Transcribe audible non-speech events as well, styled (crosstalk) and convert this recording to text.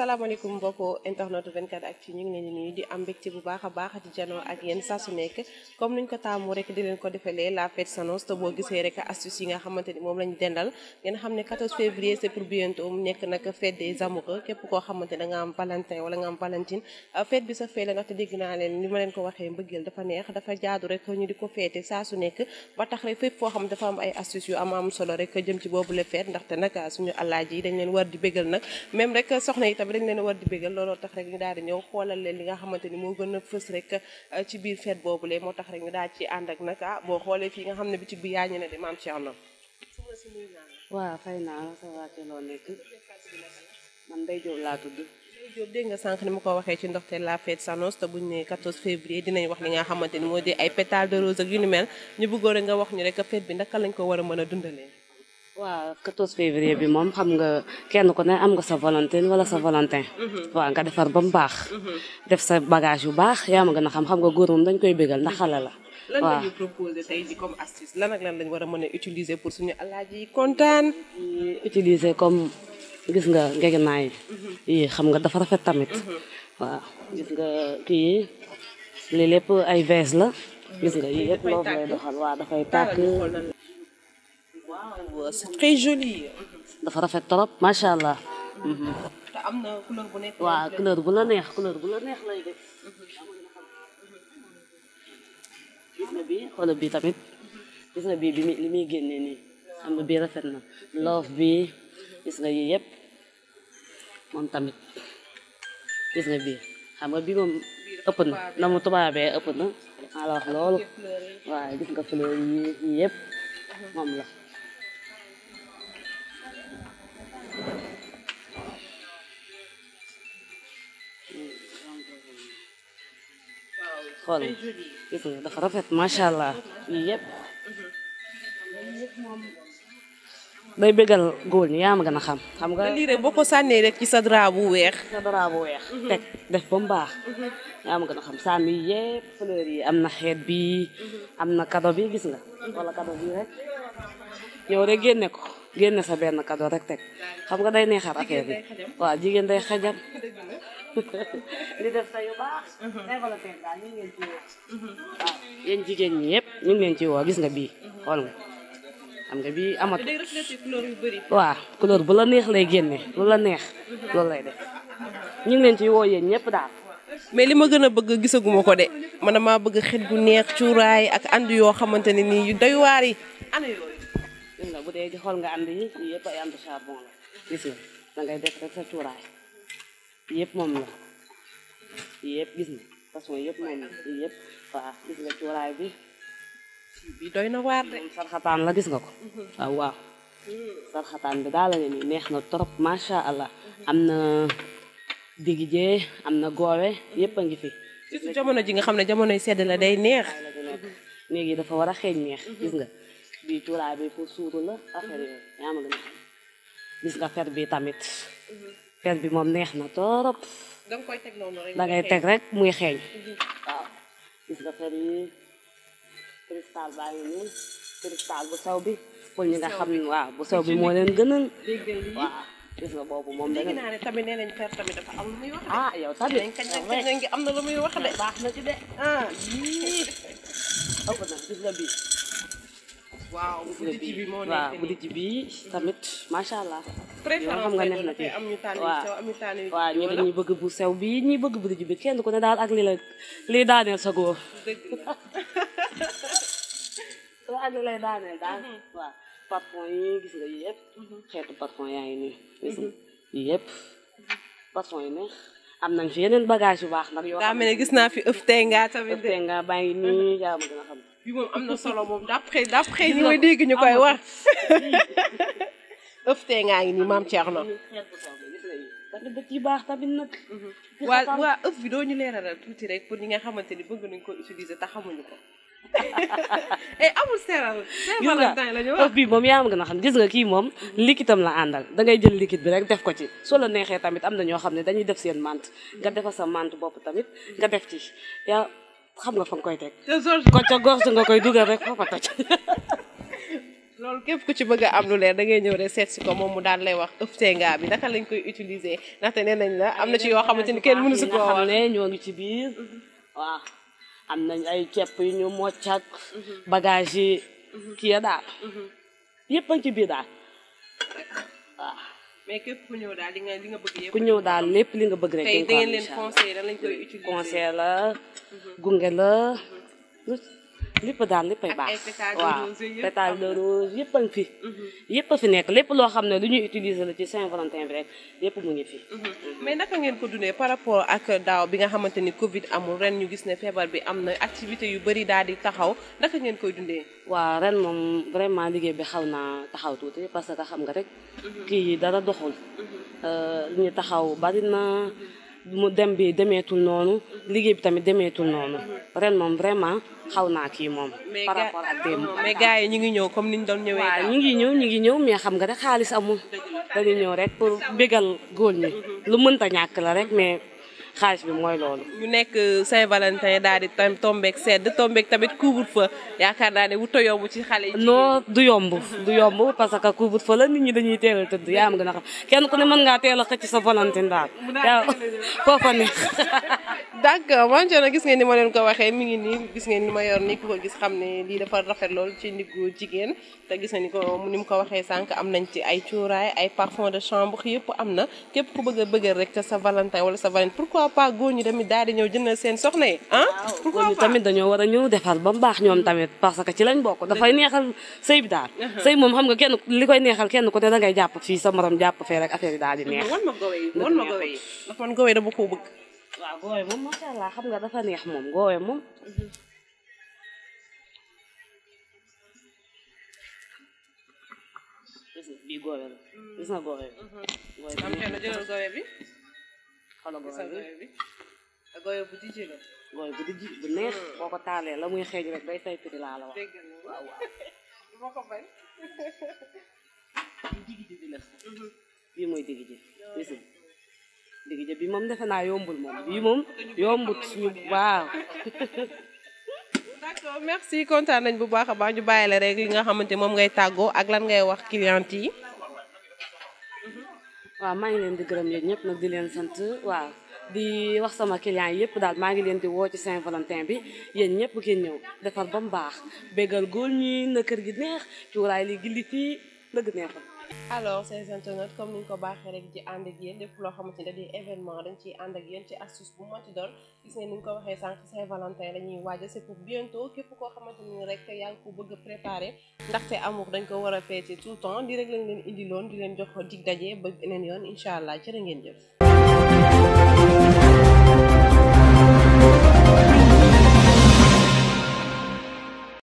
salaamaaleykum mbokku internet 24 actu ñu ngi leen di nuyu di am mbégte bu baax a baax di ak yéen saa su nekk comme nuñ ko taamu rek di leen ko defalee la fête s'annonce te boo gisee rek astuce yi nga ne 14 février c'est pour koo xamante da nga am valentin wala nga am valentine euh, fête bi sa fee la ndaxte dégg naa leen li ma leen ko waxee mbëggeel dafa neex dafa jaadu rek ñu di ko feete saa su nekk ba tax rek fépp foo xam dafa am ay astuce yu am am solo rek jëm ci boobu la fête ndaxte nag suñu alaaji yi dañ leen war di bégal nag même rek soxna yi bi leen war di bégal looloo tax rek ñu daal di ñëw xoolal leen li nga xamante ni moo gën a fës rek euh, ci biir fête boobu lee moo tax rek ñu daal ci ànd ak nag ah boo xoolee fii nga xam ne bi ci bi yaa ñu ne de maam Thierno waaw fay naa sa waa ci loo nekk man day jóob laa tudd nga sànq ni ma ko waxee ci ndoxte la fête s'annonce te buñ ne 14 février dinañ wax li nga xamante ni moo di ay pétales de rose ak yu ni mel ñu bëggoon nga wax ñu rek fet bi naka lañ ko war a mën a dundalee waaw 14 février bi moom xam nga kenn ku ne am nga sa Valentine wala sa Valentin. Mhm. waaw nga defar ba mu baax. Mhm. def sa bagage yu baax yaa ma gën a xam xam nga góor moom dañ koy bégal ndax xale la. waa la ñuy proposé tey jii comme astuce lan war a mën a pour suñu alaaji yi kontaan. utiliser comme gis nga ngegenaay mhm. yi xam nga dafa rafet tamit. waaw nga kii lii lépp ay vees la. gis nga yii yëpp loo doxal waaw dafay tàkk. waaw dafa rafet trop macha allah. waa am na bu la neex couleur bu la neex lay def. gis bii tamit gis na bii li muy génnee nii xam nga bii rafet na loof bii gis nga yii yëpp moom tamit gis nga bii xam nga bii moom ëpp na na tubaabee ëpp na maa la loolu waaye gis nga fleur yii yëpp moom la xool gis dafa rafet macha allah yii yëpp day bégal góor ñi yaa ma na xam xam nga lii rek boo ko sànnee rek ci sa drap bu weex sa bu weex mhm. teg def ba mu baax yaa ma na a xam sànni yëpp fleur yi am na xeet bi mhm. am na kado bi gis nga mhm. wala kado bi rek yow rek génne ko génne sa benn kado rek teg xam nga day neexar affaire bi waaw jigéen day xajam (laughs) di (laughs) def sa yu mhm. mhm. ah, jigéen ñi yëpp ñu ngi leen ci woo gis nga bii xool nga. xam nga bii amatu waa reflété bu la neex lay génne lu la neex mhm. loolu lay de ñu ngi leen ci woo yen ñëpp daal. mais li ma gën a bëgg gisaguma ko de man ma bëgg xet gu neex cuuraay ak ànd yoo xamante ne nii yu doy yi. ana yooyu. dee xool nga ànd yi yëpp ay ànd charbon la gis nga da def rek sa cuuraay. yëpp moom la yëpp gis na façon nga cuuraay bi na waar sarxataan la gis nga ko waaw mhm. ah, waaw sarxataan bi daala ne neex na torop masha allah am na digijee am na goowe yëpp a ngi fi surtout jamono ji nga xam ne jamonoy sedd la day neex néeg dafa war a xeeñ neex mhm. gis nga bii cuuraay bi pour suuru la affaire yooyu yaa ma gis nga fer bi tamit mhm. per bi moom neex na torop. da nga koy teg noonu rek da ngay teg rek muy xeeñ. waaw mm-hmm. gis nga per yi cristal baa ngi nii cristal bu saw bi pour ñi nga xam ne waaw bu saw bi moo leen gënal. waaw gis nga boobu moom dégg naa ne tamit nee nañ per tamit dafa am lu muy wax de. ah yow tamit ngi am na lu muy wax de. Ah, baax na ci de ah yii ah. ëpp na gis nga bii. waaw bu di ci bi moo nekk nii waaw bu di ci bi tamit macha allah. préférence am ñu tànn am ñu tànn waaw ñu dañuy bëgg bu sew bi ñuy bëgg bu dijj bi kenn ku ne daal ak li la li daaneel sa góor (laughs) ak li lay la daal mm-hmm. waaw parfum yi gis nga yëpp mm-hmm. xeetu parfum yaa ngi nii gis nga mm-hmm. yëpp parfum yi neex am nañ fi yeneen bagage yu baax nag yo daa mel gis naa fi ëf tey nga tamit ëf tey nga baa moom am na solo moom d'après d'après ñu koy dégg ñu koy wax (laughs) ëf tee ngaa ngi nii maam Thierno. dëkk yu baax tamit nag. waa waa ñu leeralal tuuti rek pour ñi nga xamante ni bëgg nañ ko utiliser te ko. (laughs) eh amul seeral. gis nga moom yaa ma gën a xam gis nga kii moom. likitam la àndal da ngay jël likit bi rek def ko ci. soo la neexee tamit am na ñoo xam ne dañuy def seen mante nga mm-hmm. defal sa mant bopp tamit nga def ci yaa xam nga fa nga koy teg. te gorge nga koy dugal rek foofa toj. (laughs) loolu képp ku ci bëgg a am lu leer da ngay ñëw rek seet si ko moom mu daal lay wax ëf tenga bi naka lañ koy utiliser ndaxte nee nañ la am na ci yoo xamante ni kenn mënu si koo wax ne ñoo ngi ci biir waaw am nañ ay cepp yu ñu mocc ak bagage yi mhm. kii ya daal mhm. yëpp a ngi ci biir daal mais képp ku ñëw daal li nga li ku ñëw daal lépp li nga bëgg rek tey da ngeen leen conseil la lañ koy utiliser conseil la mhm. gunge la lépp daal léppay baax waaw pétard de rose yëpp a fi mhm. yëpp a fi nekk lépp loo xam ne lu ñuy utiliser la ci Saint-Valentin bi rek yëpp mu ngi fi mhm. mais naka ngeen ko dundee par rapport ak daaw bi nga xamante ni Covid amul ren ñu gis ne feebar bi am na activité yu bëri daal di taxaw naka ngeen koy dundee waa ren moom vraiment liggéey bi xaw naa taxaw tuuti parce que xam nga rek mhm. kii yi dara doxul euh, ñu taxaw bari mu dem bi demeetul noonu liggéey bi tamit demeetul noonu ren moom vraiment xaw naa kii moom. par rapport ak démb mais gars yi ñu ngi ñëw comme ni ñu doon ñëwee. ñu ngi ñëw ñu ngi ñëw mais xam nga rek xaalis amul dañu ñëw rek pour bégal góor ñi lu mënta ñàkk la rek mais. xaalis bi mooy loolu. ñu nekk Saint-Valentin daal di tam tombeek sedd tombeek tamit couvre-feu yaakaar naa ne wuto a yomb ci xale yi. du yomb du yomb parce que couvre-feu la nit ñi dañuy teel a tëdd yaa am nga a xam kenn ku ne mën ngaa teel a xëcc sa Valentin daal. (laughs) yaa (laughs) foofa ne. (laughs) d'accord man Thierno gis ngeen ni ma leen ko waxee mi ngi nii gis ngeen ni ma yor ni ku ko gis xam ne lii dafa rafet lool ci ndiggu jigéen te gis nañu ko ni mu ko waxee sànq am nañ ci ay cuuraay ay parfum de chambre yëpp am na képp ku bëgg a bëgg rek sa Valentin wala sa Valentin pas góor ñi tamit daal di ñëw jëndal seen soxna yi ah. pourquoi pas tamit dañoo war a ñëw defal ba mu baax ñoom tamit parce que ci lañ bokk dafay neexal sëy bi daal. Uh-huh. sëy moom xam nga kenn li koy neexal kenn ku ne dangay jàpp fii sa morom jàpp fee rek affaire yi daal di neex. wan ma góoy koo bëgg. moom macha allah xam nga dafa neex moom góoy moom. Uh-huh. xoolo bi bu dijji la gooyo bu dijji hmm. boo ko taalee la muy xeeñ rek bay say pidi laa la wax waaw (laughs) ma ko bañ mm-hmm. bi moom defe naa yombul moom ah, bii moom yombut suñu waaw (laughs) d'accord merci kontaan nañ bu baax a baax ñu bàyyi la rek li nga xamante moom ngay tàggoo ak lan ngay wax client yi waaw maa ngi leen di gërëm yéen ñëpp nag di leen sant waaw di wax sama client yëpp daal maa ngi leen di woo ci Saint-Valentin bi yéen ñëpp ngeen ñëw defar ba mu baax bégal góor ñi na kër gi neex cuuraay li gilli fii dëgg neexul alors ces internautes comme niñ ko baaxee rek di ànd ak yéen lépp loo xamante ni da di événement dañ ciy ànd ak yéen ci astuce bu manti doon gis ne ni ñu ko waxee sànq Saint-Valentin la ñuy waajal c'est pour bientôt képp koo xamante ni rek yaa ngi ko bëgg a préparer ndaxte amour dañ ko war a feete tout le temps di rek lañ leen indi di leen jox dig daje ba beneen yoon incha allah jërë ngeen jëf